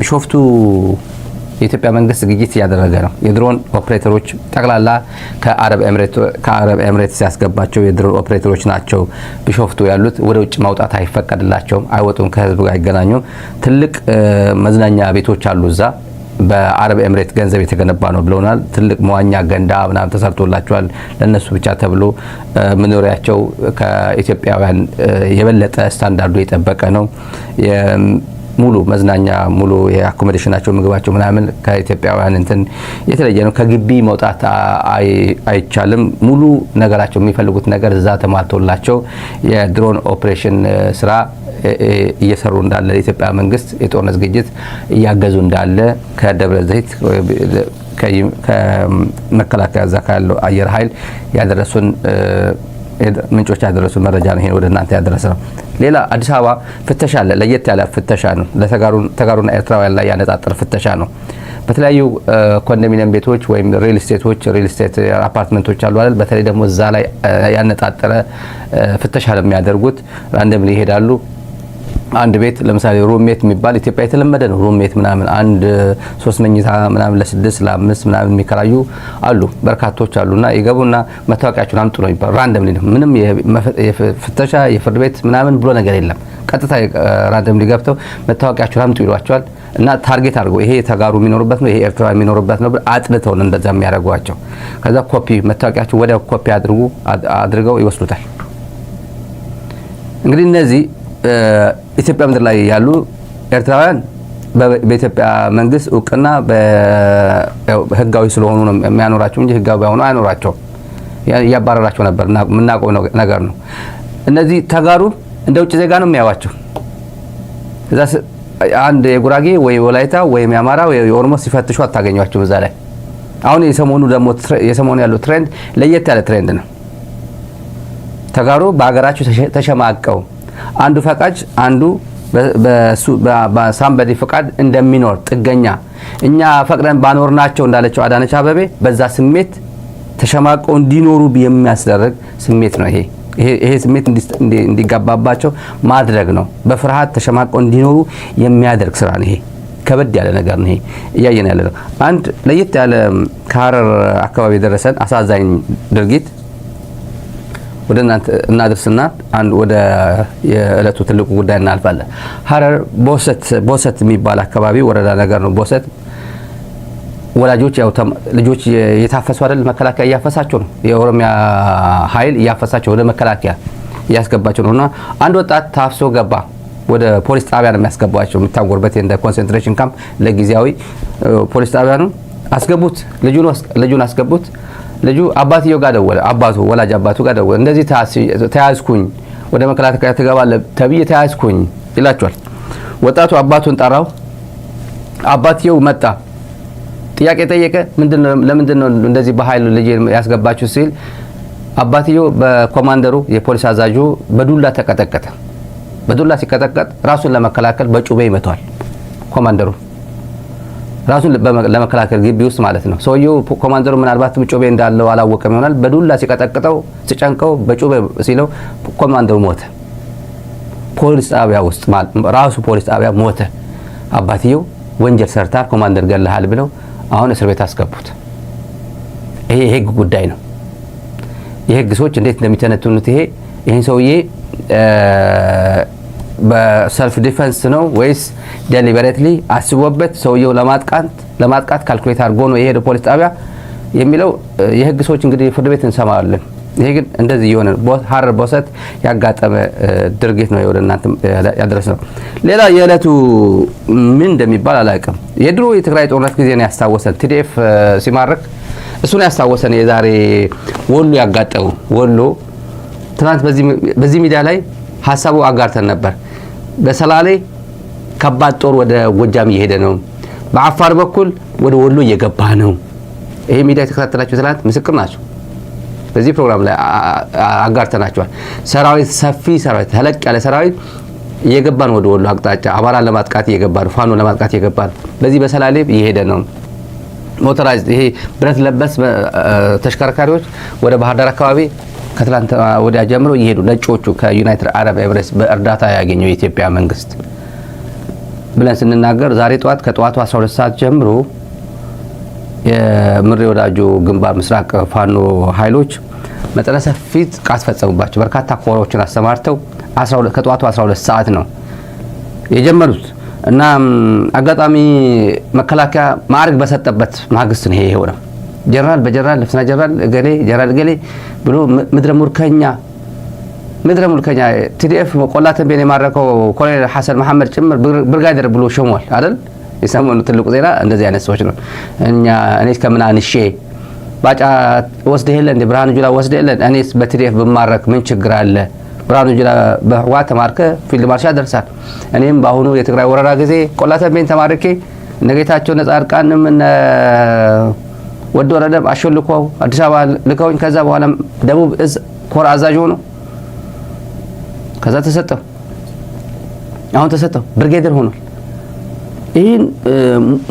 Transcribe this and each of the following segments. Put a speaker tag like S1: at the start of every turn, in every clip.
S1: ቢሾፍቱ የኢትዮጵያ መንግስት ዝግጅት እያደረገ ነው። የድሮን ኦፕሬተሮች ጠቅላላ ከአረብ ኤምሬትስ ያስገባቸው የድሮን ኦፕሬተሮች ናቸው ቢሾፍቱ ያሉት። ወደ ውጭ ማውጣት አይፈቀድላቸውም፣ አይወጡም፣ ከህዝብ ጋር አይገናኙም። ትልቅ መዝናኛ ቤቶች አሉ እዛ በአረብ ኤምሬት ገንዘብ የተገነባ ነው ብለውናል። ትልቅ መዋኛ ገንዳ ምናምን ተሰርቶላቸዋል ለእነሱ ብቻ ተብሎ መኖሪያቸው ከኢትዮጵያውያን የበለጠ ስታንዳርዱ የጠበቀ ነው። ሙሉ መዝናኛ ሙሉ የአኮሞዴሽናቸው ምግባቸው ምናምን ከኢትዮጵያውያን እንትን የተለየ ነው። ከግቢ መውጣት አይቻልም። ሙሉ ነገራቸው የሚፈልጉት ነገር እዛ ተሟልቶላቸው የድሮን ኦፕሬሽን ስራ እየሰሩ እንዳለ የኢትዮጵያ መንግስት የጦርነት ዝግጅት እያገዙ እንዳለ ከደብረ ዘይት ከመከላከያ እዛ ካለው አየር ኃይል ያደረሱን ምንጮች ያደረሱ መረጃ ነው። ይሄ ወደ እናንተ ያደረሰ ነው። ሌላ አዲስ አበባ ፍተሻ አለ። ለየት ያለ ፍተሻ ነው። ለተጋሩና ኤርትራውያን ላይ ያነጣጠር ፍተሻ ነው። በተለያዩ ኮንዶሚኒየም ቤቶች ወይም ሪል ስቴቶች ሪል ስቴት አፓርትመንቶች አሉ አይደል? በተለይ ደግሞ እዛ ላይ ያነጣጠረ ፍተሻ ለሚያደርጉት ራንደምሊ ይሄዳሉ። አንድ ቤት ለምሳሌ ሩሜት የሚባል ኢትዮጵያ የተለመደ ነው። ሩሜት ምናምን አንድ ሶስት መኝታ ምናምን ለስድስት ለአምስት ምናምን የሚከራዩ አሉ፣ በርካቶች አሉና ይገቡና መታወቂያቸውን አምጡ ነው የሚባሉ። ራንደም ነው ምንም የፍተሻ የፍርድ ቤት ምናምን ብሎ ነገር የለም። ቀጥታ ራንደም ገብተው መታወቂያቸውን አምጡ ይሏቸዋል። እና ታርጌት አድርገው ይሄ ተጋሩ የሚኖሩበት ነው፣ ይሄ ኤርትራ የሚኖሩበት ነው አጥንተው ነው እንደዛ የሚያደርጓቸው። ከዛ ኮፒ መታወቂያቸው ወዲያው ኮፒ አድርጉ አድርገው ይወስዱታል። እንግዲህ እነዚህ ኢትዮጵያ ምድር ላይ ያሉ ኤርትራውያን በኢትዮጵያ መንግስት እውቅና ህጋዊ ስለሆኑ ነው የሚያኖራቸው እንጂ ህጋዊ ሆኑ አይኖራቸውም። እያባረራቸው ነበር፣ የምናውቀው ነገር ነው። እነዚህ ተጋሩ እንደ ውጭ ዜጋ ነው የሚያዋቸው። እዛ አንድ የጉራጌ ወይ ወላይታ ወይም የአማራ የኦሮሞ ሲፈትሹ አታገኟቸው። እዛ ላይ አሁን የሰሞኑ ደግሞ የሰሞኑ ያለው ትሬንድ ለየት ያለ ትሬንድ ነው። ተጋሩ በሀገራቸው ተሸማቀው አንዱ ፈቃጅ አንዱ በሳምበዲ ፈቃድ እንደሚኖር ጥገኛ እኛ ፈቅደን ባኖርናቸው እንዳለችው አዳነች አበቤ በዛ ስሜት ተሸማቀው እንዲኖሩ የሚያስደርግ ስሜት ነው ይሄ። ይሄ ስሜት እንዲጋባባቸው ማድረግ ነው። በፍርሃት ተሸማቀው እንዲኖሩ የሚያደርግ ስራ ነው ይሄ። ከበድ ያለ ነገር ነው ይሄ እያየን ያለ ነው። አንድ ለየት ያለ ከሀረር አካባቢ የደረሰን አሳዛኝ ድርጊት ወደ እናንተ እናድርስና አንድ ወደ የእለቱ ትልቁ ጉዳይ እናልፋለን። ሀረር ቦሰት ቦሰት የሚባል አካባቢ ወረዳ ነገር ነው። ቦሰት ወላጆች ያው ልጆች የታፈሱ አይደል መከላከያ እያፈሳቸው ነው። የኦሮሚያ ኃይል እያፈሳቸው ወደ መከላከያ እያስገባቸው ነው። እና አንድ ወጣት ታፍሶ ገባ። ወደ ፖሊስ ጣቢያ ነው የሚያስገባቸው። የሚታጎርበት እንደ ኮንሰንትሬሽን ካምፕ ለጊዜያዊ ፖሊስ ጣቢያ ነው። አስገቡት፣ ልጁን አስገቡት። ልጁ አባትየው ጋር ደወለ። አባቱ ወላጅ አባቱ ጋር ደወለ። እንደዚህ ተያዝኩኝ፣ ወደ መከላከያ ትገባለህ ተብዬ ተያዝኩኝ ይላቸዋል። ወጣቱ አባቱን ጠራው። አባትየው መጣ፣ ጥያቄ ጠየቀ። ለምንድን ነው እንደዚህ በኃይል ልጅ ያስገባችሁ ሲል አባትየው በኮማንደሩ የፖሊስ አዛዡ በዱላ ተቀጠቀጠ። በዱላ ሲቀጠቀጥ ራሱን ለመከላከል በጩቤ ይመቷል ኮማንደሩ ራሱን ለመከላከል ግቢ ውስጥ ማለት ነው። ሰውየው ኮማንደሩ ምናልባት ጩቤ እንዳለው አላወቀም ይሆናል። በዱላ ሲቀጠቅጠው ሲጨንቀው፣ በጩቤ ሲለው ኮማንደሩ ሞተ። ፖሊስ ጣቢያ ውስጥ ራሱ ፖሊስ ጣቢያ ሞተ። አባትየው ወንጀል ሰርታል፣ ኮማንደር ገለሃል ብለው አሁን እስር ቤት አስገቡት። ይሄ የህግ ጉዳይ ነው። የህግ ሰዎች እንዴት እንደሚተነትኑት ይሄ ይህን ሰውዬ በሰልፍ ዲፌንስ ነው ወይስ ዴሊበሬትሊ አስቦበት ሰውየው ለማጥቃት ካልኩሌት አድርጎ ነው የሄደ ፖሊስ ጣቢያ የሚለው የህግ ሰዎች እንግዲህ ፍርድ ቤት እንሰማለን። ይሄ ግን እንደዚህ የሆነ ሀረር በውሰት ያጋጠመ ድርጊት ነው ወደ እናንተ ያደረስ ነው። ሌላ የዕለቱ ምን እንደሚባል አላውቅም። የድሮ የትግራይ ጦርነት ጊዜ ነው ያስታወሰን። ቲዲኤፍ ሲማርክ እሱን ያስታወሰን። የዛሬ ወሎ ያጋጠመው ወሎ ትናንት በዚህ ሚዲያ ላይ ሀሳቡ አጋርተን ነበር። በሰላሌ ከባድ ጦር ወደ ጎጃም እየሄደ ነው። በአፋር በኩል ወደ ወሎ እየገባ ነው። ይሄ ሚዲያ የተከታተላችሁ ትናንት ምስክር ናቸው። በዚህ ፕሮግራም ላይ አጋርተናቸዋል። ሰራዊት ሰፊ ሰራዊት ተለቅ ያለ ሰራዊት እየገባ ነው። ወደ ወሎ አቅጣጫ አማራን ለማጥቃት እየገባ ነው። ፋኖ ለማጥቃት እየገባ ነው። በዚህ በሰላሌ እየሄደ ነው። ሞተራይዝ ይሄ ብረት ለበስ ተሽከርካሪዎች ወደ ባህር ዳር አካባቢ ከትላንት ወዲያ ጀምሮ እየሄዱ ነጮቹ ከዩናይትድ አረብ ኤምሬትስ በእርዳታ ያገኘው የኢትዮጵያ መንግስት ብለን ስንናገር ዛሬ ጠዋት ከጠዋቱ 12 ሰዓት ጀምሮ የምሬ ወዳጁ ግንባር ምስራቅ ፋኖ ኃይሎች መጠነ ሰፊ ጥቃት ፈጸሙባቸው። በርካታ ኮሮችን አሰማርተው ከጠዋቱ 12 ሰዓት ነው የጀመሩት እና አጋጣሚ መከላከያ ማዕረግ በሰጠበት ማግስት ነው ይሄ የሆነው። ጀራል በጀራል ነፍስና ጀራል እገሌ ጀራል እገሌ ብሎ ምድረ ሙርከኛ ምድረ ሙርከኛ ቲዲኤፍ ቆላ ተንቤን የማረከው ኮሎኔል ሐሰን መሐመድ ጭምር ብርጋዴር ብሎ ሾሟል አይደል? የሰሞኑ ትልቁ ዜና እንደዚህ አይነት ሰዎች ነው። እኛ እኔ ከምን አንሼ ባጫ ወስደ የለን ብርሃኑ ጁላ ወስደ የለን እኔስ በቲዲኤፍ ብማረክ ምን ችግር አለ? ብርሃኑ ጁላ በህዋ ተማርከ ፊልድ ማርሻ ደርሳል። እኔም በአሁኑ የትግራይ ወረራ ጊዜ ቆላ ተንቤን ተማርኬ እነ ጌታቸው እነ ጻድቃንም ወደ ወረደ አሾ አዲስ አበባ ልከውኝ ከዛ በኋላ ደቡብ እዝ ኮር አዛዥ ሆኖ ከዛ ተሰጠው። አሁን ተሰጠው ብርጌደር ሆኗል። ይህን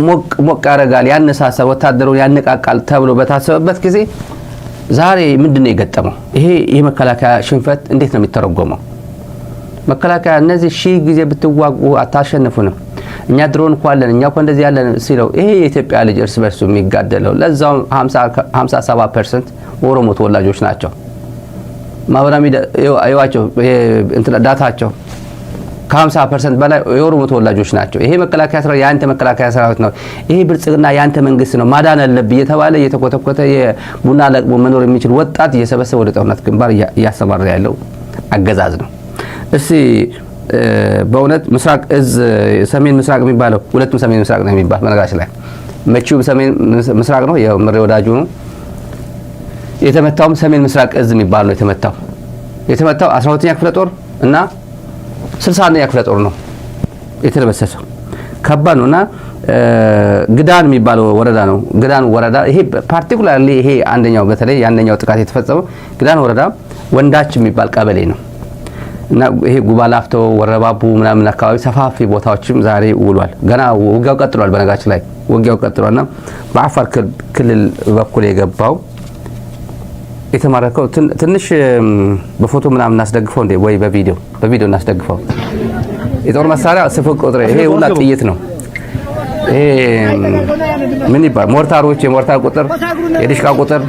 S1: ሞቅ ሞቅ ያደርጋል፣ ያነሳሳ ወታደሩን ያነቃቃል ተብሎ በታሰበበት ጊዜ ዛሬ ምንድን ነው የገጠመው? ይሄ የመከላከያ ሽንፈት እንዴት ነው የሚተረጎመው? መከላከያ እነዚህ ሺህ ጊዜ ብትዋጉ አታሸንፉንም። እኛ ድሮ እንኳ አለን እኛ እኮ እንደዚህ ያለን ሲለው ይሄ የኢትዮጵያ ልጅ እርስ በርሱ የሚጋደለው ለዛውም 57 ፐርሰንት ኦሮሞ ተወላጆች ናቸው። ማህበራዊ ዋቸው ዳታቸው ከ50 ፐርሰንት በላይ የኦሮሞ ተወላጆች ናቸው። ይሄ መከላከያ ሰራዊት የአንተ መከላከያ ሰራዊት ነው፣ ይሄ ብልጽግና የአንተ መንግስት ነው፣ ማዳን አለብህ እየተባለ እየተኮተኮተ የቡና ለቅሞ መኖር የሚችል ወጣት እየሰበሰበ ወደ ጦርነት ግንባር እያሰማራ ያለው አገዛዝ ነው። እስቲ በእውነት ምስራቅ እዝ ሰሜን ምስራቅ የሚባለው ሁለቱም ሰሜን ምስራቅ ነው የሚባል በነገራችን ላይ መቺው ሰሜን ምስራቅ ነው የምሬ ወዳጁ ነው የተመታውም ሰሜን ምስራቅ እዝ የሚባል ነው የተመታው የተመታው 12ኛ ክፍለ ጦር እና 61ኛ ክፍለ ጦር ነው የተደመሰሰው ከባድ ነው እና ግዳን የሚባለው ወረዳ ነው ግዳን ወረዳ ይሄ ፓርቲኩላርሊ ይሄ አንደኛው በተለይ የአንደኛው ጥቃት የተፈጸመው ግዳን ወረዳ ወንዳች የሚባል ቀበሌ ነው እና ይሄ ጉባ ላፍቶ ወረባቡ ምናምን አካባቢ ሰፋፊ ቦታዎችም ዛሬ ውሏል። ገና ውጊያው ቀጥሏል። በነጋች ላይ ውጊያው ቀጥሏል እና በአፋር ክልል በኩል የገባው የተማረከው ትንሽ በፎቶ ምናምን እናስደግፈው እንዴ ወይ በቪዲዮ በቪዲዮ እናስደግፈው። የጦር መሳሪያ ስፍር ቁጥር ይሄ ሁላ ጥይት ነው። ይሄ ምን ይባል ሞርታሮች፣ የሞርታር ቁጥር፣ የድሽቃ ቁጥር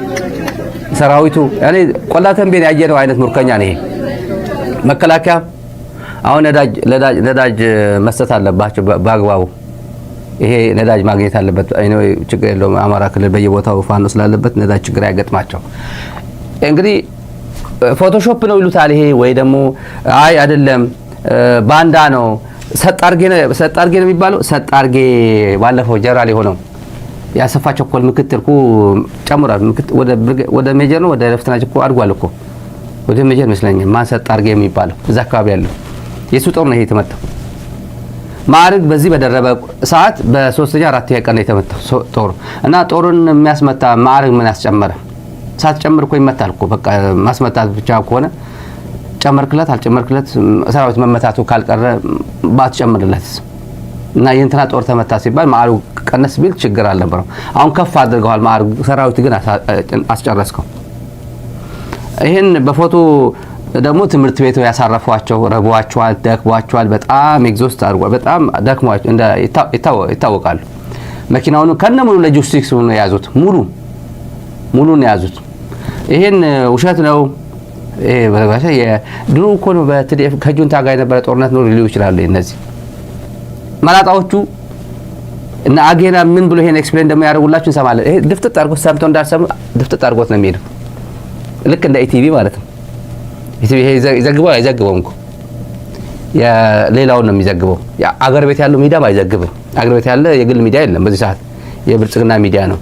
S1: ሰራዊቱ ያኔ ቆላ ተንቤን ያየነው አይነት ሙርከኛ ነው ይሄ መከላከያ አሁን ነዳጅ መስጠት አለባቸው በአግባቡ። ይሄ ነዳጅ ማግኘት አለበት። ችግር የለውም። አማራ ክልል በየቦታው ፋኖ ስላለበት ነዳጅ ችግር አይገጥማቸው። እንግዲህ ፎቶሾፕ ነው ይሉታል። ይሄ ወይ ደግሞ አይ አይደለም ባንዳ ነው ሰጣርጌ ነው የሚባለው። ሰጣርጌ ባለፈው ጀራል የሆነው ያሰፋቸው ኮል ምክትል ጨምሯል። ወደ ሜጀር ነው ወደ ለፍተና ቸኮል አድጓል እኮ ወደ መጀር ይመስለኛል ማንሰጥ አርጌ የሚባለው እዛ አካባቢ ያለው የእሱ ጦር ነው ይሄ የተመታው። ማዕርግ በዚህ በደረበ ሰዓት በሶስተኛ አራተኛ ቀን ነው የተመታው ጦሩ እና ጦሩን የሚያስመታ ማዕርግ ምን ያስጨመረ ሳትጨምር እኮ ይመታል እኮ በቃ ማስመታት ብቻ ከሆነ ጨመርክለት አልጨመርክለት ሰራዊት መመታቱ ካልቀረ ባትጨምርለት እና የእንትና ጦር ተመታ ሲባል ማዕርጉ ቀነስ ቢል ችግር አልነበረው። አሁን ከፍ አድርገዋል ማዕርጉ፣ ሰራዊት ግን አስጨረስከው። ይህን በፎቶ ደግሞ ትምህርት ቤቱ ያሳረፏቸው ረቧቸዋል፣ ደክቧቸዋል፣ በጣም ኤግዞስት አድርጓል፣ በጣም ደክሟቸው ይታወቃሉ። መኪናውን ከነ ሙሉ ሎጂስቲክስ ነው የያዙት፣ ሙሉ ሙሉ ነው የያዙት። ይህን ውሸት ነው። ድሮ እኮ ነው በትዲኤፍ ከጁንታ ጋር የነበረ ጦርነት ነው ሊሉ ይችላሉ። እነዚህ መላጣዎቹ እና አጌና ምን ብሎ ይሄን ኤክስፕሌን ደግሞ ያደርጉላችሁ እንሰማለን። ይሄ ድፍጥጥ አድርጎት ሰምተው እንዳልሰሙ ድፍጥጥ አድርጎት ነው የሚሄደው። ልክ እንደ ኢቲቪ ማለት ነው። ኢቲቪ ይዘግበው አይዘግበውም እኮ ሌላውን ነው የሚዘግበው። አገር ቤት ያለው ሚዲያም አይዘግብም። አገር ቤት ያለ የግል ሚዲያ የለም በዚህ ሰዓት የብልጽግና ሚዲያ ነው።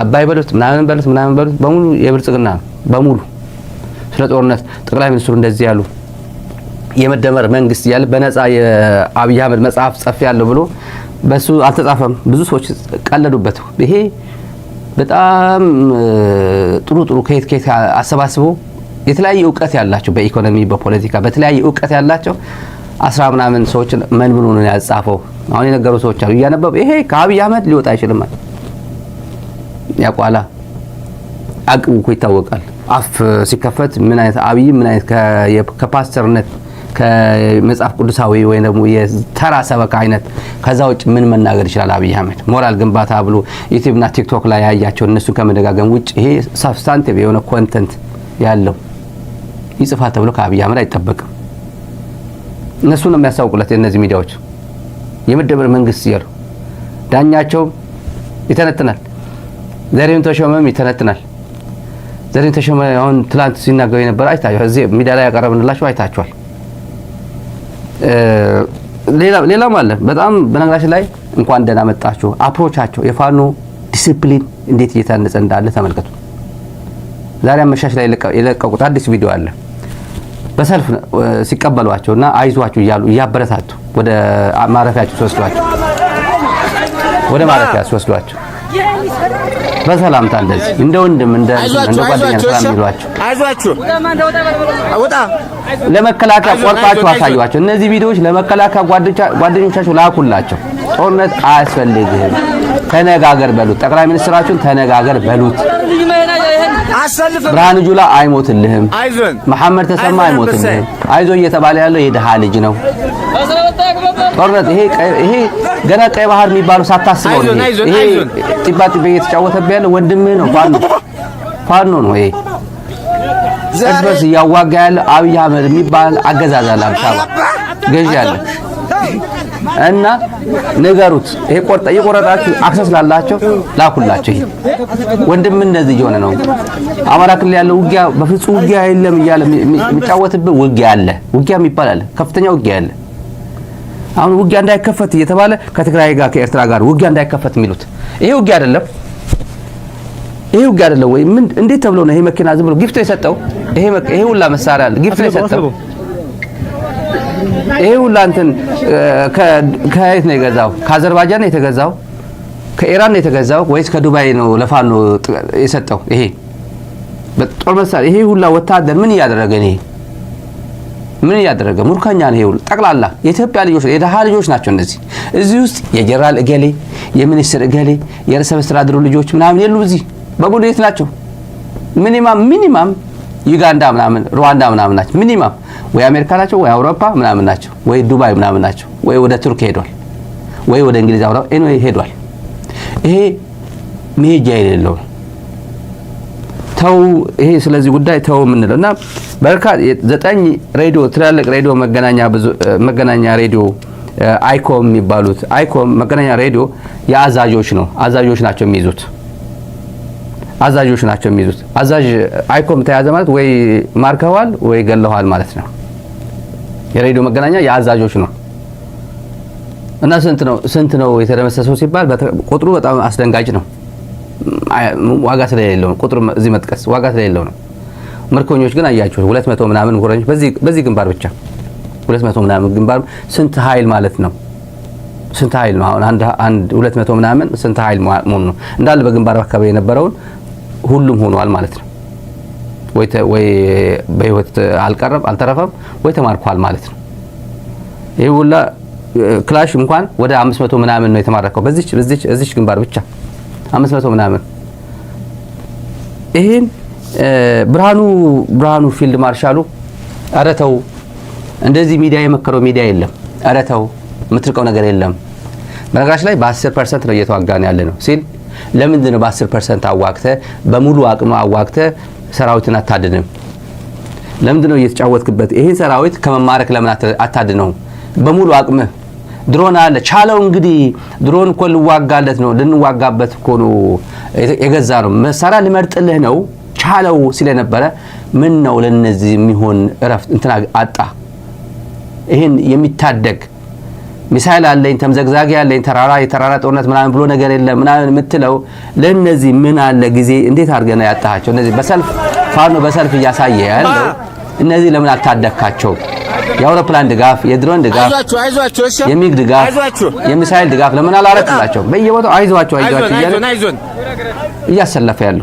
S1: አባይ በሉት ምናምን በሉት ምናምን በሉት በሙሉ የብልጽግና በሙሉ ስለ ጦርነት ጠቅላይ ሚኒስትሩ እንደዚህ ያሉ የመደመር መንግስት እያለ በነፃ የአብይ አህመድ መጽሐፍ ጸፍ ያለው ብሎ በሱ አልተጻፈም። ብዙ ሰዎች ቀለዱበት። ይሄ በጣም ጥሩ ጥሩ ከየት ከየት አሰባስበው የተለያየ እውቀት ያላቸው በኢኮኖሚ፣ በፖለቲካ በተለያየ እውቀት ያላቸው አስራ ምናምን ሰዎች መልምሉ ያጻፈው። አሁን የነገሩ ሰዎች አሉ እያነበቡ ይሄ ከአብይ አህመድ ሊወጣ አይችልም ያቋላ አቅሙ እኮ ይታወቃል። አፍ ሲከፈት ምን አይነት አብይ ምን አይነት ከፓስተርነት ከመጽሐፍ ቅዱሳዊ ወይ ደግሞ የተራ ሰበካ አይነት ከዛ ውጭ ምን መናገር ይችላል አብይ አህመድ? ሞራል ግንባታ ብሎ ዩቲዩብና ቲክቶክ ላይ ያያቸው እነሱን ከመደጋገም ውጭ ይሄ ሳብስታንቲቭ የሆነ ኮንተንት ያለው ይጽፋ ተብሎ ከአብይ አህመድ አይጠበቅም። እነሱ ነው የሚያስታውቁለት እነዚህ ሚዲያዎች የመደመር መንግስት እያሉ ዳኛቸው ይተነትናል። ዘሪሁን ተሾመም ይተነትናል። ዘሪሁን ተሾመ አሁን ትላንት ሲናገሩ የነበረ አይታ እዚህ ሚዲያ ላይ ያቀረብንላቸው አይታችኋል። ሌላም አለ። በጣም በነገራችን ላይ እንኳን ደህና መጣችሁ አፕሮቻቸው የፋኖ ዲሲፕሊን እንዴት እየታነጸ እንዳለ ተመልከቱ። ዛሬ አመሻሽ ላይ የለቀቁት አዲስ ቪዲዮ አለ። በሰልፍ ሲቀበሏቸው እና አይዟችሁ እያሉ እያበረታቱ ወደ ማረፊያቸው ሲወስዷቸው ወደ ማረፊያ ሲወስዷቸው በሰላምታ እንደዚህ እንደ ወንድም እንደ እንደ ጓደኛ ሰላም ይሏቸው። አይዟችሁ። ወጣ ለመከላከያ ቆርጣችሁ አሳዩዋቸው። እነዚህ ቪዲዮዎች ለመከላከያ ጓደኞቻችሁ ላኩላቸው። ጦርነት አያስፈልግህም፣ ተነጋገር በሉት። ጠቅላይ ሚኒስትራችሁን ተነጋገር በሉት። ብርሃኑ ጁላ አይሞትልህም፣ መሐመድ ተሰማ አይሞትልህም። አይዞ እየተባለ ያለው የድሃ ልጅ ነው። ጦርነት ይሄ ይሄ ገና ቀይ ባህር የሚባለው ሳታስበው ነው። ይሄ ጢባ ጢቤ እየተጫወተብህ ያለ ወንድምህ ነው። ፋኖ ፋኖ ነው ይሄ እርስ በርስ እያዋጋ ያለ አብይ አህመድ የሚባል አገዛዝ አለ፣ አዲስ አበባ ገዢ አለ። እና ንገሩት። ይሄ ቆርጣ እየቆረጣችሁ አክሰስ ላላቸው ላኩላቸው። ይሄ ወንድም እንደዚህ እየሆነ ነው። አማራ ክልል ያለው ውጊያ በፍጹም ውጊያ የለም እያለ የሚጫወትብህ ውጊያ አለ። ውጊያ የሚባል አለ፣ ከፍተኛ ውጊያ አለ። አሁን ውጊያ እንዳይከፈት እየተባለ ከትግራይ ጋር ከኤርትራ ጋር ውጊያ እንዳይከፈት የሚሉት ይሄ ውጊያ አይደለም። ይሄ ውጊያ አይደለም ወይ? ምን እንዴት ተብሎ ነው ይሄ መኪና ዝም ብሎ ጊፍት የሰጠው? ይሄ ይሄ ሁላ መሳሪያ አለ ጊፍት የሰጠው ይሄ ሁላ እንትን ከየት ነው የገዛው? ከአዘርባይጃን ነው የተገዛው? ከኢራን ነው የተገዛው ወይስ ከዱባይ ነው ለፋኖ የሰጠው? ይሄ በጦር መሳሪያ ይሄ ሁላ ወታደር ምን እያደረገ ነው? ምን እያደረገ ሙርከኛ ነው። ይኸውልህ ጠቅላላ የኢትዮጵያ ልጆች የድሃ ልጆች ናቸው እነዚህ። እዚህ ውስጥ የጀነራል እገሌ የሚኒስትር እገሌ የርዕሰ መስተዳድሩ ልጆች ምናምን የሉ። እዚህ በጉድሌት ናቸው። ሚኒማም ሚኒማም ዩጋንዳ ምናምን ሩዋንዳ ምናምን ናቸው። ሚኒማም ወይ አሜሪካ ናቸው ወይ አውሮፓ ምናምን ናቸው ወይ ዱባይ ምናምን ናቸው ወይ ወደ ቱርክ ሄዷል ወይ ወደ እንግሊዝ አውራ ሄዷል። ይሄ መሄጃ የሌለው ነው። ተው ይሄ ስለዚህ ጉዳይ ተው የምንለው እና በርካ ዘጠኝ ሬዲዮ ትላልቅ ሬዲዮ መገናኛ ሬዲዮ አይኮም የሚባሉት አይኮም መገናኛ ሬዲዮ የአዛዦች ነው። አዛዦች ናቸው የሚይዙት አዛዦች ናቸው የሚይዙት። አዛዥ አይኮም ተያዘ ማለት ወይ ማርከዋል ወይ ገለዋል ማለት ነው። የሬዲዮ መገናኛ የአዛዦች ነው እና ስንት ነው ስንት ነው የተደመሰሰው ሲባል ቁጥሩ በጣም አስደንጋጭ ነው። ዋጋ ስለሌለው ቁጥር እዚህ መጥቀስ ዋጋ ስለሌለው ነው። ምርኮኞች ግን አያችሁ ሁለት መቶ ምናምን ምርኮኞች በዚህ ግንባር ብቻ ሁለት መቶ ምናምን ግንባር ስንት ኃይል ማለት ነው? ስንት ኃይል ነው? አሁን አንድ አንድ ሁለት መቶ ምናምን ስንት ኃይል መሆኑ ነው? እንዳለ በግንባር አካባቢ የነበረውን ሁሉም ሆኗል ማለት ነው። ወይ በህይወት አልቀረም አልተረፈም፣ ወይ ተማርኳል ማለት ነው። ይህ ሁላ ክላሽ እንኳን ወደ አምስት መቶ ምናምን ነው የተማረከው በዚች ግንባር ብቻ አምስት መቶ ምናምን ይሄን ብርሃኑ ብርሃኑ ፊልድ ማርሻሉ ኧረ ተው እንደዚህ ሚዲያ የመከረው ሚዲያ የለም። ኧረ ተው የምትርቀው ነገር የለም። በነገራችን ላይ በ10 ፐርሰንት ነው እየተዋጋን ያለ ነው ሲል ለምንድን ነው በ10 ፐርሰንት አዋግተ በሙሉ አቅም አዋግተ ሰራዊትን አታድንም? ለምንድን ነው እየተጫወትክበት? ይህን ሰራዊት ከመማረክ ለምን አታድነው? በሙሉ አቅምህ ድሮን አለ ቻለው እንግዲህ ድሮን እኮ ልዋጋለት ነው ልንዋጋበት እኮ ነው የገዛ ነው መሳሪያ ልመርጥልህ ነው ቻለው ስለነበረ ምን ነው ለነዚህ የሚሆን እረፍት እንትና አጣ። ይህን የሚታደግ ሚሳይል አለኝ ተምዘግዛጊ አለኝ ተራራ የተራራ ጦርነት ምናምን ብሎ ነገር የለም ምናምን የምትለው ለነዚህ ምን አለ ጊዜ እንዴት አድርገን ያጣሃቸው? እነዚህ በሰልፍ ፋኖ በሰልፍ እያሳየ ያለው እነዚህ ለምን አልታደግካቸው? የአውሮፕላን ድጋፍ፣ የድሮን ድጋፍ፣ የሚግ ድጋፍ፣ የሚሳይል ድጋፍ ለምን አላረክላቸው? በየቦታው አይዟቸው አይዟቸው አይዟችሁ እያሰለፈ ያሉ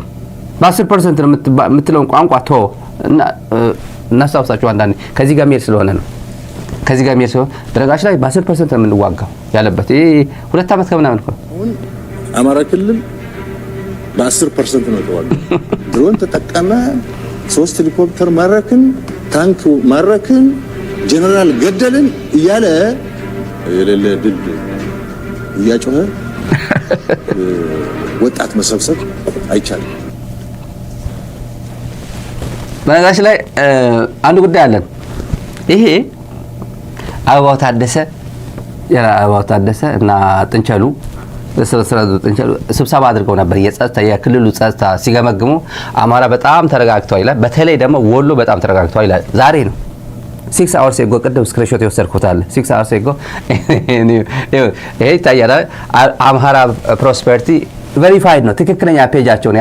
S1: በአስር ፐርሰንት ነው የምትለውን ቋንቋ ቶ እናስታውሳችሁ። አንዳንዴ ከዚህ ጋር ሚሄድ ስለሆነ ነው ከዚህ ጋር ሚሄድ ስለሆነ በነገራችን ላይ በአስር ፐርሰንት ነው የምንዋጋው ያለበት ይሄ ሁለት ዓመት ከምናምን እኮ
S2: አማራ ክልል በአስር ፐርሰንት ነው ተዋጋ። ድሮን ተጠቀመ። ሶስት ሄሊኮፕተር ማረክን፣ ታንክ ማረክን ጀነራል ገደልን እያለ የሌለ ድል እያጮኸ ወጣት መሰብሰብ አይቻልም።
S1: በነጋሽ ላይ አንድ ጉዳይ አለን። ይሄ አበባው ታደሰ አበባው ታደሰ እና ጥንቸሉ ስብሰባ አድርገው ነበር። የጸጥታ የክልሉ ጸጥታ ሲገመግሙ አማራ በጣም ተረጋግተዋል ይላል። በተለይ ደግሞ ወሎ በጣም ተረጋግተዋል ይላል። ዛሬ ነው ሲክስ አወርስ ጎ ቅድም ስክሪንሾት የወሰድኩታል። ሲክስ አወርስ ጎ ይሄ ይታያል። አምሃራ ፕሮስፐርቲ ቬሪፋይድ ነው። ትክክለኛ ፔጃቸው ነው።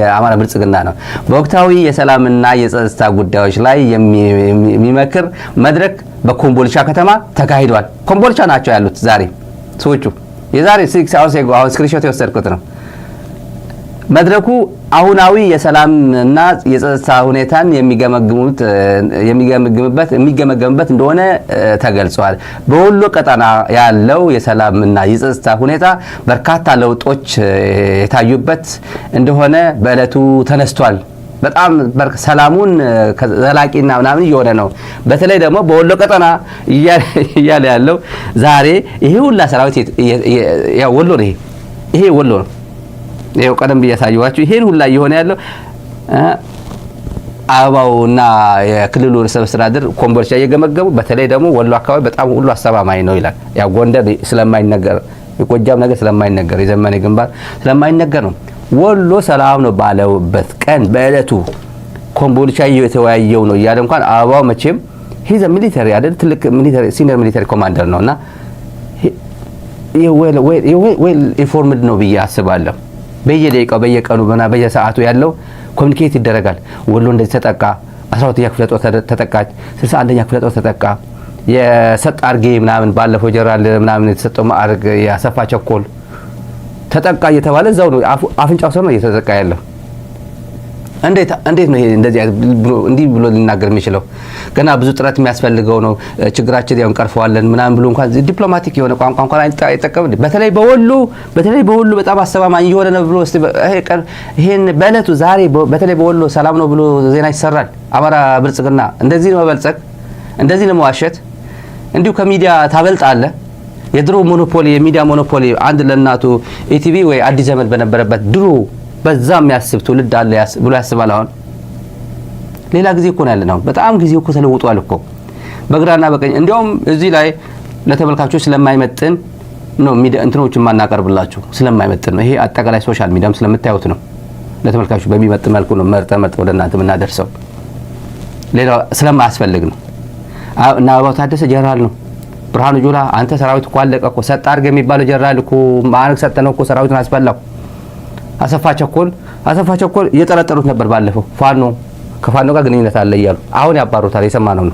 S1: የአማራ ብልጽግና ነው። በወቅታዊ የሰላምና የጸጥታ ጉዳዮች ላይ የሚመክር መድረክ በኮምቦልቻ ከተማ ተካሂዷል። ኮምቦልቻ ናቸው ያሉት ዛሬ ሰዎቹ። የዛሬ ሲክስ አወርስ ጎ አሁን ስክሪንሾት የወሰድኩት ነው። መድረኩ አሁናዊ የሰላም እና የጸጥታ ሁኔታን የሚገመገምበት እንደሆነ ተገልጿል። በወሎ ቀጠና ያለው የሰላም እና የጸጥታ ሁኔታ በርካታ ለውጦች የታዩበት እንደሆነ በእለቱ ተነስቷል። በጣም ሰላሙን ዘላቂና ምናምን እየሆነ ነው። በተለይ ደግሞ በወሎ ቀጠና እያለ ያለው ዛሬ ይሄ ሁላ ሰራዊት ወሎ ነው። ይሄ ወሎ ነው ይኸው ቀደም ብዬ ይሄን ሁላ እየሆነ ያለው አበባውና የክልሉ ርዕሰ መስተዳድር ኮምቦልቻ እየገመገሙ በተለይ ደግሞ ወሎ አካባቢ በጣም ሁሉ አስተማማኝ ነው ይላል። ያው ጎንደር ስለማይነገር የጎጃም ነገር ስለማይነገር የዘመነ ግንባር ስለማይነገር ነው። ወሎ ሰላም ነው ባለበት ቀን በእለቱ ኮምቦልቻ የተወያየው ነው እያለ እንኳን አበባው መቼም ሂዘ ሚሊተሪ አይደል ትልቅ ሚሊተሪ ሲኒየር ሚሊተሪ ኮማንደር ነውና ይህ ዌል ኢንፎርምድ ነው ብዬ አስባለሁ። በየደቂቃው በየቀኑ በና በየሰዓቱ ያለው ኮሚኒኬት ይደረጋል። ወሎ እንደዚህ ተጠቃ፣ 12ኛ ክፍለ ጦር ተጠቃች ስልሳ አንደኛ ክፍለ ጦር ተጠቃ፣ የሰጥ አርጌ ምናምን ባለፈው ጀራል ምናምን የተሰጠው ማዕረግ ያሰፋ ቸኮል ተጠቃ እየተባለ እዛው ነው አፍንጫው ሰው ነው እየተጠቃ ያለው። እንዴት እንዴት ነው ይሄ እንደዚህ ብሎ እንዲህ ብሎ ሊናገር የሚችለው? ገና ብዙ ጥረት የሚያስፈልገው ነው። ችግራችን ያው እንቀርፈዋለን ምናምን ብሎ እንኳን ዲፕሎማቲክ የሆነ ቋንቋ እንኳን አይጠቀም። በተለይ በወሎ በተለይ በወሎ በጣም አሰማማኝ የሆነ ነው ብሎ ይሄን በእለቱ ዛሬ በተለይ በወሎ ሰላም ነው ብሎ ዜና ይሰራል። አማራ ብልጽግና እንደዚህ ነው መበልጸግ፣ እንደዚህ ነው መዋሸት። እንዲሁ ከሚዲያ ታበልጣለህ። የድሮ ሞኖፖሊ የሚዲያ ሞኖፖሊ አንድ ለእናቱ ኢቲቪ ወይ አዲስ ዘመን በነበረበት ድሮ በዛ የሚያስብ ትውልድ አለ ብሎ ያስባል። አሁን ሌላ ጊዜ እኮ ነው ያለን። አሁን በጣም ጊዜ እኮ ተለውጧል እኮ በግራና በቀኝ። እንዲያውም እዚህ ላይ ለተመልካቾች ስለማይመጥን ነው እንትኖች የማናቀርብላችሁ ስለማይመጥን ነው። ይሄ አጠቃላይ ሶሻል ሚዲያም ስለምታዩት ነው። ለተመልካቾች በሚመጥ መልኩ ነው መርጠ መርጠ ወደ እናንተ የምናደርሰው። ሌላ ስለማያስፈልግ ነው። እና አበባው ታደሰ ጀነራል ነው። ብርሃኑ ጁላ አንተ ሰራዊት እኮ አለቀ እኮ ሰጥ አድርገህ የሚባለው ጀነራል እኮ ማዕረግ ሰጠነው እኮ ሰራዊትን አስፈላሁ አሰፋ ቸኮል አሰፋ ቸኮል እየጠረጠሩት ነበር ባለፈው ፋኖ ከፋኖ ጋር ግንኙነት አለ እያሉ አሁን ያባሩታል። የሰማ ነው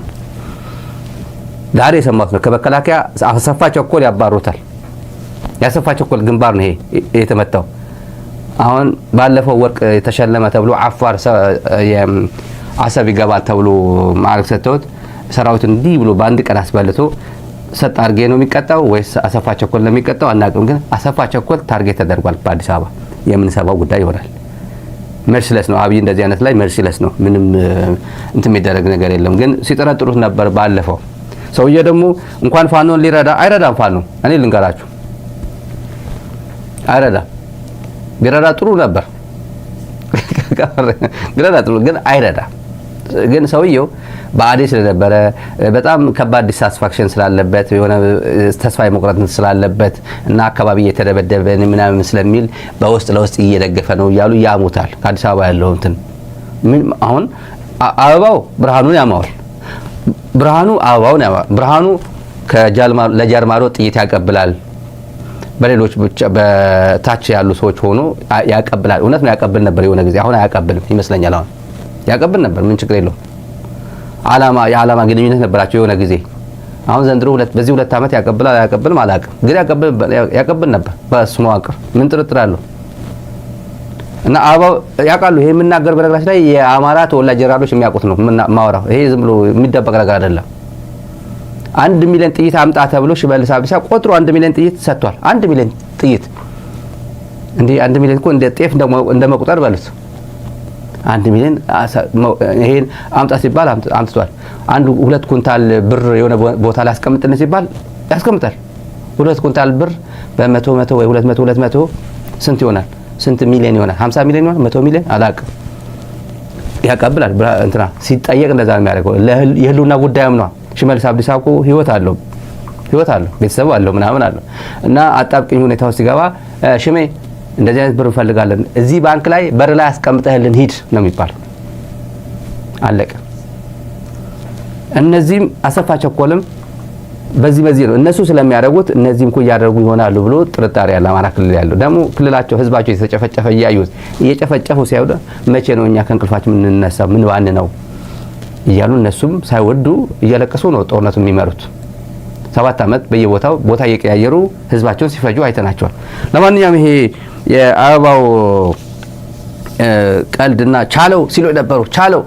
S1: ዛሬ የሰማሁት ነው። ከመከላከያ አሰፋ ቸኮል ያባሩታል። የአሰፋ ቸኮል ግንባር ነው ይሄ የተመታው። አሁን ባለፈው ወርቅ የተሸለመ ተብሎ አፋር አሰብ ይገባል ተብሎ ማዕረግ ሰጥተውት ሰራዊት እንዲህ ብሎ በአንድ ቀን አስበልቶ ሰጥ አድርጌ ነው የሚቀጣው ወይስ አሰፋ ቸኮል ነው የሚቀጣው አናውቅም። ግን አሰፋ ቸኮል ታርጌት ተደርጓል በአዲስ አበባ የምንሰባው ጉዳይ ይሆናል። መርሲለስ ነው አብይ፣ እንደዚህ አይነት ላይ መርሲለስ ነው። ምንም እንትን የሚደረግ ነገር የለም። ግን ሲጠረጥሩት ነበር ባለፈው። ሰውዬ ደግሞ እንኳን ፋኖን ሊረዳ አይረዳም። ፋኖ እኔ ልንገራችሁ አይረዳም። ቢረዳ ጥሩ ነበር፣ ግን አይረዳም። ግን ሰውየው በአዴ ስለነበረ በጣም ከባድ ዲሳትስፋክሽን ስላለበት የሆነ ተስፋ የመቁረጥ ስላለበት እና አካባቢ እየተደበደበ ምናምን ስለሚል በውስጥ ለውስጥ እየደገፈ ነው እያሉ ያሙታል። ከአዲስ አበባ ያለው እንትን አሁን አበባው ብርሃኑን ያማዋል። ብርሃኑ አበባውን ያማዋል። ብርሃኑ ለጃርማሮ ጥይት ያቀብላል። በሌሎች በታች ያሉ ሰዎች ሆኖ ያቀብላል። እውነት ነው ያቀብል ነበር የሆነ ጊዜ። አሁን አያቀብልም ይመስለኛል አሁን ያቀብል ነበር። ምን ችግር የለውም። አላማ የአላማ ግንኙነት ነበራቸው የሆነ ጊዜ። አሁን ዘንድሮ ሁለት በዚህ ሁለት ዓመት ያቀብል አላቀብልም አላውቅም፣ ግን ያቀብል ነበር በእሱ መዋቅር ምን ጥርጥር አለው። እና አበባው ያውቃሉ። ይሄ የምናገር በነገራችን ላይ የአማራ ተወላጅ ጀራዶች የሚያውቁት ነው ማወራው። ይሄ ዝም ብሎ የሚደበቅ ነገር አይደለም። አንድ ሚሊዮን ጥይት አምጣ ተብሎ ሽመልስ አብዲሳ ቆጥሮ አንድ ሚሊዮን ጥይት ሰጥቷል። አንድ ሚሊዮን ጥይት እንዲህ አንድ ሚሊዮን እኮ እንደ ጤፍ እንደመቁጠር በሉት አንድ ሚሊዮን ይሄን አምጣ ሲባል አምጥቷል። አንድ ሁለት ኩንታል ብር የሆነ ቦታ ላይ ያስቀምጥልን ሲባል ያስቀምጣል። ሁለት ኩንታል ብር በመቶ መቶ ወይ ሁለት መቶ ሁለት መቶ ስንት ይሆናል? ስንት ሚሊዮን ይሆናል? ሀምሳ ሚሊዮን ይሆናል? መቶ ሚሊዮን አላውቅም። ያቀብላል እንትና ሲጠየቅ እንደዛ ነው የሚያደርገው። የህልውና ጉዳይም ነው። ሽመልስ አብዲሳ እኮ ህይወት አለው ህይወት አለው ቤተሰብ አለው ምናምን አለው እና አጣብቅኝ ሁኔታ ውስጥ ሲገባ ሽሜ እንደዚህ አይነት ብር እንፈልጋለን፣ እዚህ ባንክ ላይ በር ላይ አስቀምጠህልን ሂድ ነው የሚባል። አለቀ። እነዚህም አሰፋ ቸኮልም በዚህ በዚህ ነው እነሱ ስለሚያደርጉት እነዚህም እኮ እያደረጉ ይሆናሉ ብሎ ጥርጣሬ ያለ አማራ ክልል ያለው ደግሞ ክልላቸው ህዝባቸው የተጨፈጨፈ እያዩት እየጨፈጨፉ ሲያዩ መቼ ነው እኛ ከእንቅልፋችን የምንነሳው ምን ባን ነው እያሉ እነሱም ሳይወዱ እየለቀሱ ነው ጦርነቱ የሚመሩት። ሰባት ዓመት በየቦታው ቦታ እየቀያየሩ ህዝባቸውን ሲፈጁ አይተናቸዋል። ለማንኛውም ይሄ የአበባው ቀልድና ቻለው ሲሉ የነበሩ ቻለው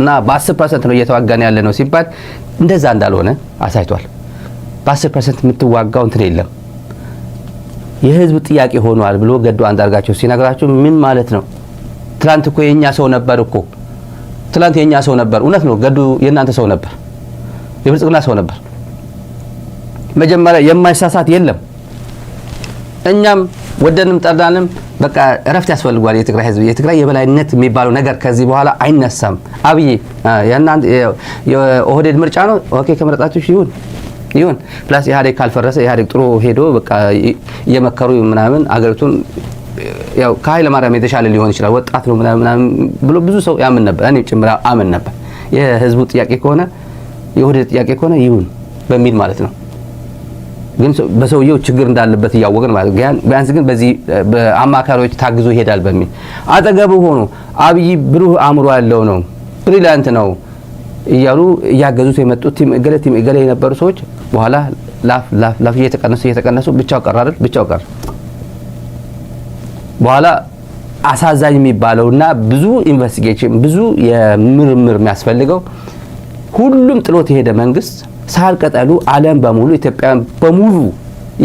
S1: እና በ10 ፐርሰንት ነው እየተዋጋን ያለ ነው ሲባል እንደዛ እንዳልሆነ አሳይቷል። በ10 ፐርሰንት የምትዋጋው እንትን የለም የህዝብ ጥያቄ ሆኗል ብሎ ገዱ አንዳርጋቸው ሲነግራቸው ምን ማለት ነው? ትላንት እኮ የእኛ ሰው ነበር እኮ ትላንት የእኛ ሰው ነበር። እውነት ነው ገዱ የእናንተ ሰው ነበር፣ የብልጽግና ሰው ነበር። መጀመሪያ የማይሳሳት የለም። እኛም ወደንም ጠላንም በቃ እረፍት ያስፈልጓል የትግራይ ህዝብ። የትግራይ የበላይነት የሚባለው ነገር ከዚህ በኋላ አይነሳም። አብይ የኦህዴድ ምርጫ ነው። ኦኬ ከመረጣችሁ ይሁን ይሁን። ፕላስ ኢህአዴግ ካልፈረሰ ኢህአዴግ ጥሩ ሄዶ በቃ እየመከሩ ምናምን አገሪቱን ያው ከኃይለ ማርያም የተሻለ ሊሆን ይችላል ወጣት ነው ምናምን ብሎ ብዙ ሰው ያምን ነበር። እኔ ጭምር አምን ነበር። የህዝቡ ጥያቄ ከሆነ የኦህዴድ ጥያቄ ከሆነ ይሁን በሚል ማለት ነው። ግን በሰውየው ችግር እንዳለበት እያወቅን ማለት ነው። ቢያንስ ግን በዚህ በአማካሪዎች ታግዞ ይሄዳል በሚል አጠገቡ ሆኖ አብይ ብሩህ አእምሮ ያለው ነው፣ ብሪሊያንት ነው እያሉ እያገዙት የመጡት ቲም እገሌ ቲም እገሌ የነበሩ ሰዎች በኋላ ላፍ ላፍ ላፍ እየተቀነሱ እየተቀነሱ ብቻው ቀረ አይደል? ብቻው ቀረ። በኋላ አሳዛኝ የሚባለውና ብዙ ኢንቨስቲጌሽን ብዙ የምርምር የሚያስፈልገው ሁሉም ጥሎት የሄደ መንግስት ሳር ቅጠሉ ዓለም በሙሉ ኢትዮጵያን በሙሉ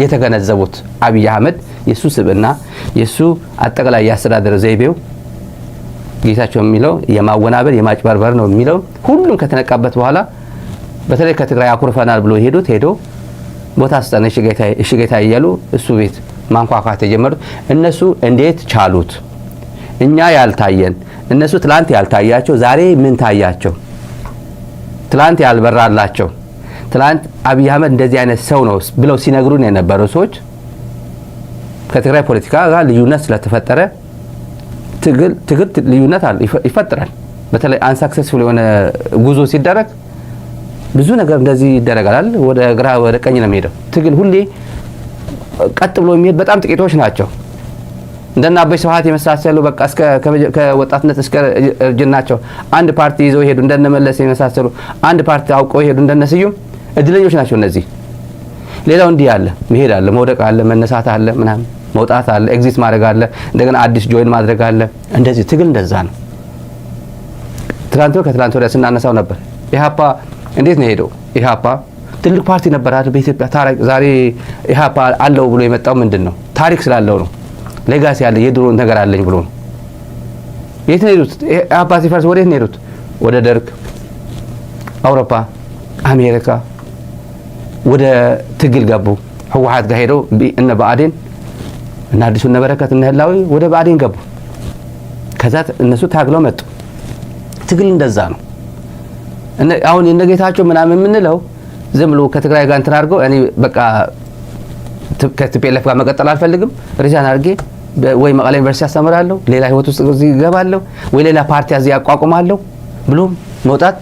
S1: የተገነዘቡት አብይ አህመድ የእሱ ስብና የእሱ አጠቃላይ የአስተዳደር ዘይቤው ጌታቸው የሚለው የማወናበር የማጭበርበር ነው የሚለው ሁሉም ከተነቃበት በኋላ በተለይ ከትግራይ አኩርፈናል ብሎ ሄዱት ሄዶ ቦታ ስጠን እሽጌታ እያሉ እሱ ቤት ማንኳኳት የጀመሩት እነሱ እንዴት ቻሉት? እኛ ያልታየን እነሱ ትላንት ያልታያቸው ዛሬ ምን ታያቸው? ትላንት ያልበራላቸው ትላንት አብይ አህመድ እንደዚህ አይነት ሰው ነው ብለው ሲነግሩን የነበሩ ሰዎች ከትግራይ ፖለቲካ ጋር ልዩነት ስለተፈጠረ ትግል ልዩነት አለ ይፈጥራል። በተለይ አንሳክሰስፉል የሆነ ጉዞ ሲደረግ ብዙ ነገር እንደዚህ ይደረጋል። ወደ ግራ ወደ ቀኝ ነው የሚሄደው ትግል ሁሌ ቀጥ ብሎ የሚሄድ በጣም ጥቂቶች ናቸው። እንደና አበይ ስብሀት የመሳሰሉ በቃ እስከ ከወጣትነት እስከ እርጅናቸው አንድ ፓርቲ ይዘው ይሄዱ። እንደነ መለስ የመሳሰሉ አንድ ፓርቲ አውቀው ይሄዱ። እንደነ ስዩም እድለኞች ናቸው እነዚህ። ሌላው እንዲህ አለ፣ መሄድ አለ፣ መውደቅ አለ፣ መነሳት አለ፣ ምናምን መውጣት አለ፣ ኤግዚት ማድረግ አለ፣ እንደገና አዲስ ጆይን ማድረግ አለ። እንደዚህ ትግል እንደዛ ነው። ትላንት ከትላንት ወዲያ ስናነሳው ነበር። ኢህአፓ እንዴት ነው ሄደው? ኢህአፓ ትልቅ ፓርቲ ነበር አይደል? በኢትዮጵያ ታሪክ ዛሬ ኢህአፓ አለው ብሎ የመጣው ምንድን ነው? ታሪክ ስላለው ነው። ሌጋሲ ያለ የድሮ ነገር አለኝ ብሎ ነው። የት ነው ሄዱት? ኢህአፓ ሲፈርስ ወዴት ነው ሄዱት? ወደ ደርግ፣ አውሮፓ፣ አሜሪካ ወደ ትግል ገቡ። ህወሓት ጋር ሄደው እነ ብአዴን እና አዲሱ እነ በረከት እነ ህላዊ ወደ ብአዴን ገቡ። ከዛ እነሱ ታግለው መጡ። ትግል እንደዛ ነው። አሁን የነ ጌታቸው ምናምን የምንለው ዝም ብሎ ከትግራይ ጋር እንትን አድርገው እኔ በቃ ከቲፒኤልኤፍ ጋር መቀጠል አልፈልግም ሪዛን አድርጌ ወይ መቀለ ዩኒቨርሲቲ አስተምራለሁ፣ ሌላ ህይወት ውስጥ እዚህ ይገባለሁ፣ ወይ ሌላ ፓርቲ እዚህ ያቋቁማለሁ ብሎም መውጣት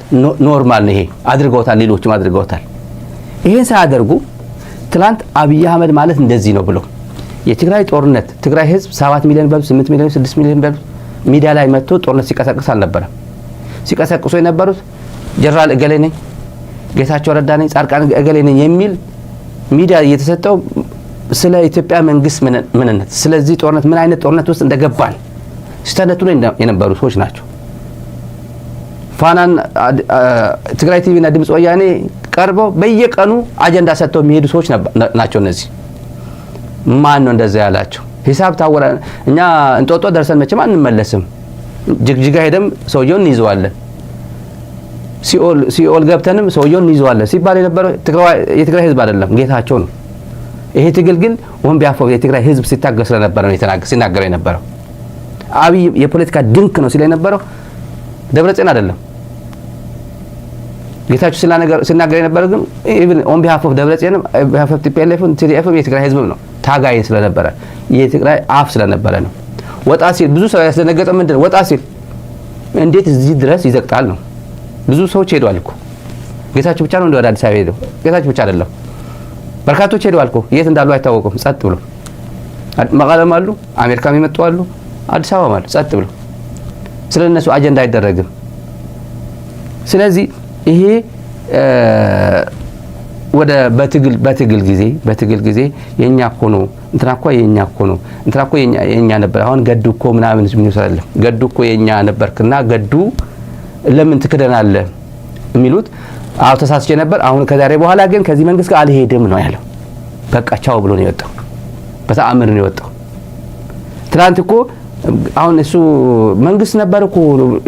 S1: ኖርማል ነው። ይሄ አድርገውታል፣ ሌሎችም አድርገውታል። ይህን ሳያደርጉ ትላንት አብይ አህመድ ማለት እንደዚህ ነው ብሎ የትግራይ ጦርነት ትግራይ ህዝብ 7 ሚሊዮን በብ 8 ሚሊዮን 6 ሚሊዮን በብ ሚዲያ ላይ መጥቶ ጦርነት ሲቀሰቅስ አልነበረም። ሲቀሰቅሱ የነበሩት ጀነራል እገሌ ነኝ፣ ጌታቸው ረዳ ነኝ፣ ጻድቃን እገሌ ነኝ የሚል ሚዲያ እየተሰጠው ስለ ኢትዮጵያ መንግስት ምንነት፣ ስለዚህ ጦርነት ምን አይነት ጦርነት ውስጥ ሲተነቱ ሲተነትኑ የነበሩ ሰዎች ናቸው። ፋናን ትግራይ ቲቪና ድምፅ ወያኔ ቀርበው በየቀኑ አጀንዳ ሰጥተው የሚሄዱ ሰዎች ናቸው። እነዚህ ማን ነው እንደዛ ያላቸው? ሂሳብ ታወረ። እኛ እንጦጦ ደርሰን መቼም አንመለስም። ጅግጅጋ ሄደም ሰውየውን እንይዘዋለን፣ ሲኦል ገብተንም ሰውየውን እንይዘዋለን ሲባል የነበረው የትግራይ ህዝብ አይደለም ጌታቸው ነው። ይሄ ትግል ግን ወንቢያፎ የትግራይ ህዝብ ሲታገል ስለነበረ ነው ሲናገረው የነበረው። አብይ የፖለቲካ ድንክ ነው ሲለ የነበረው ደብረጽዮን አይደለም። ጌታችሁ ስናገር የነበረ ግን ኢቭን ኦን ቢሃፍ ኦፍ ደብረጽዮንም ቢሃፍ ኦፍ ቲፒኤልኤፍም ቲዲኤፍም የትግራይ ህዝብም ነው ታጋይ ስለነበረ የትግራይ አፍ ስለነበረ ነው። ወጣ ሲል ብዙ ሰው ያስደነገጠ ምንድን ነው? ወጣ ሲል እንዴት እዚህ ድረስ ይዘቅጣል ነው። ብዙ ሰዎች ሄደዋል እኮ ጌታችሁ ብቻ ነው እንደ ወደ አዲስ አበባ ሄደው ጌታችሁ ብቻ አይደለም፣ በርካቶች ሄደዋል እኮ የት እንዳሉ አይታወቁም። ጸጥ ብሎ መቀለም አሉ፣ አሜሪካም የመጡ አሉ፣ አዲስ አበባም አሉ። ጸጥ ብሎ ስለ እነሱ አጀንዳ አይደረግም። ስለዚህ ይሄ ወደ በትግል በትግል ጊዜ በትግል ጊዜ የኛ እኮ ነው እንትና እኮ የኛ እኮ ነው እንትና እኮ የኛ ነበር። አሁን ገዱ እኮ ምናምን የሚሉት አይደለም። ገዱ እኮ የኛ ነበርክና ገዱ ለምን ትክደናለህ? የሚሉት አዎ ተሳስቼ ነበር። አሁን ከዛሬ በኋላ ግን ከዚህ መንግስት ጋር አልሄድም ነው ያለው። በቃ ቻው ብሎ ነው የወጣው። በተአምር ነው የወጣው። ትናንት እኮ አሁን እሱ መንግስት ነበር እኮ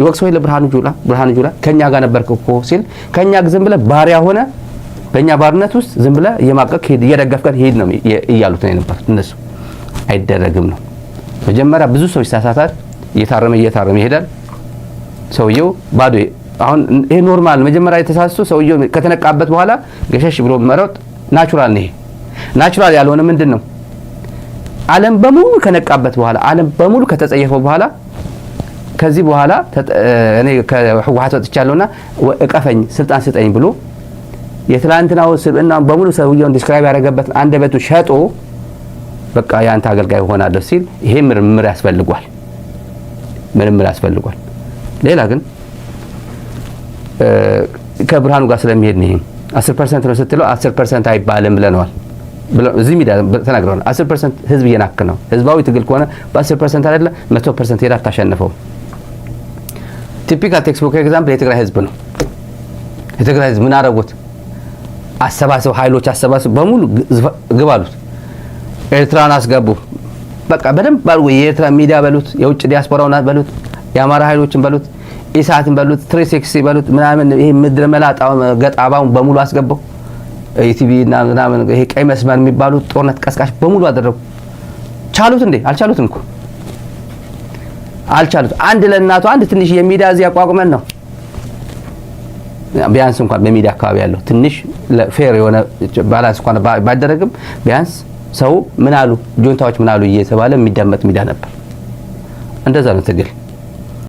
S1: ይወቅሰው የለ ብርሃኑ ጁላ ብርሃኑ ጁላ ከኛ ጋር ነበርክ እኮ ሲል ከኛ ዝም ብለህ ባሪያ ሆነ በእኛ ባርነት ውስጥ ዝም ብለህ እየማቀቅ ሄድ እየደገፍከን ሄድ ነው እያሉት ነው የነበሩት እነሱ። አይደረግም ነው መጀመሪያ ብዙ ሰው ይሳሳታል። እየታረመ እየታረመ ይሄዳል ሰውየው ባዶ። አሁን ይሄ ኖርማል መጀመሪያ የተሳሰሱ ሰውየው ከተነቃበት በኋላ ገሸሽ ብሎ መረጥ ናቹራል ነው። ይሄ ናቹራል ያልሆነ ምንድን ነው? ዓለም በሙሉ ከነቃበት በኋላ ዓለም በሙሉ ከተጸየፈው በኋላ ከዚህ በኋላ እኔ ከህወሓት ወጥቻለሁና እቀፈኝ፣ ስልጣን ስጠኝ ብሎ የትላንትናው ስብእና በሙሉ ሰውየውን ዲስክራይብ ያደረገበት አንደበቱን ሸጦ በቃ የአንተ አገልጋይ ሆናለሁ ሲል ይሄ ምርምር ያስፈልጓል፣ ምርምር ያስፈልጓል። ሌላ ግን ከብርሃኑ ጋር ስለሚሄድ ነው። ይሄ 10 ፐርሰንት ነው ስትለው 10 ፐርሰንት አይባልም ብለነዋል። እዚህ ሚዲያ ተናግረዋል። አስር ፐርሰንት ህዝብ እየናክ ነው። ህዝባዊ ትግል ከሆነ በአስር ፐርሰንት አይደለ መቶ ፐርሰንት ሄዳ አታሸንፈው። ቲፒካል ቴክስቡክ ኤግዛምፕል የትግራይ ህዝብ ነው። የትግራይ ህዝብ ምን አደረጉት? አሰባሰቡ፣ ሀይሎች አሰባሰቡ፣ በሙሉ ግብ አሉት። ኤርትራን አስገቡ። በቃ በደንብ አድርጎ የኤርትራ ሚዲያ በሉት፣ የውጭ ዲያስፖራውን በሉት፣ የአማራ ሀይሎችን በሉት፣ ኢሳትን በሉት፣ ትሬሴክሲ በሉት ምናምን ይሄ ምድረ መላጣ ገጣባውን በሙሉ አስገባው። ኢቲቪ እና ምናምን ይሄ ቀይ መስመር የሚባሉት ጦርነት ቀስቃሽ በሙሉ አደረጉ። ቻሉት እንዴ? አልቻሉትም እኮ አልቻሉት። አንድ ለእናቱ አንድ ትንሽ የሚዲያ እዚህ አቋቁመን ነው ቢያንስ እንኳን በሚዲያ አካባቢ ያለው ትንሽ ፌር የሆነ ባላንስ እንኳን ባይደረግም ቢያንስ ሰው ምን አሉ ጆንታዎች ምን አሉ እየተባለ የሚዳመጥ ሚዲያ ነበር። እንደዛ ነው ትግል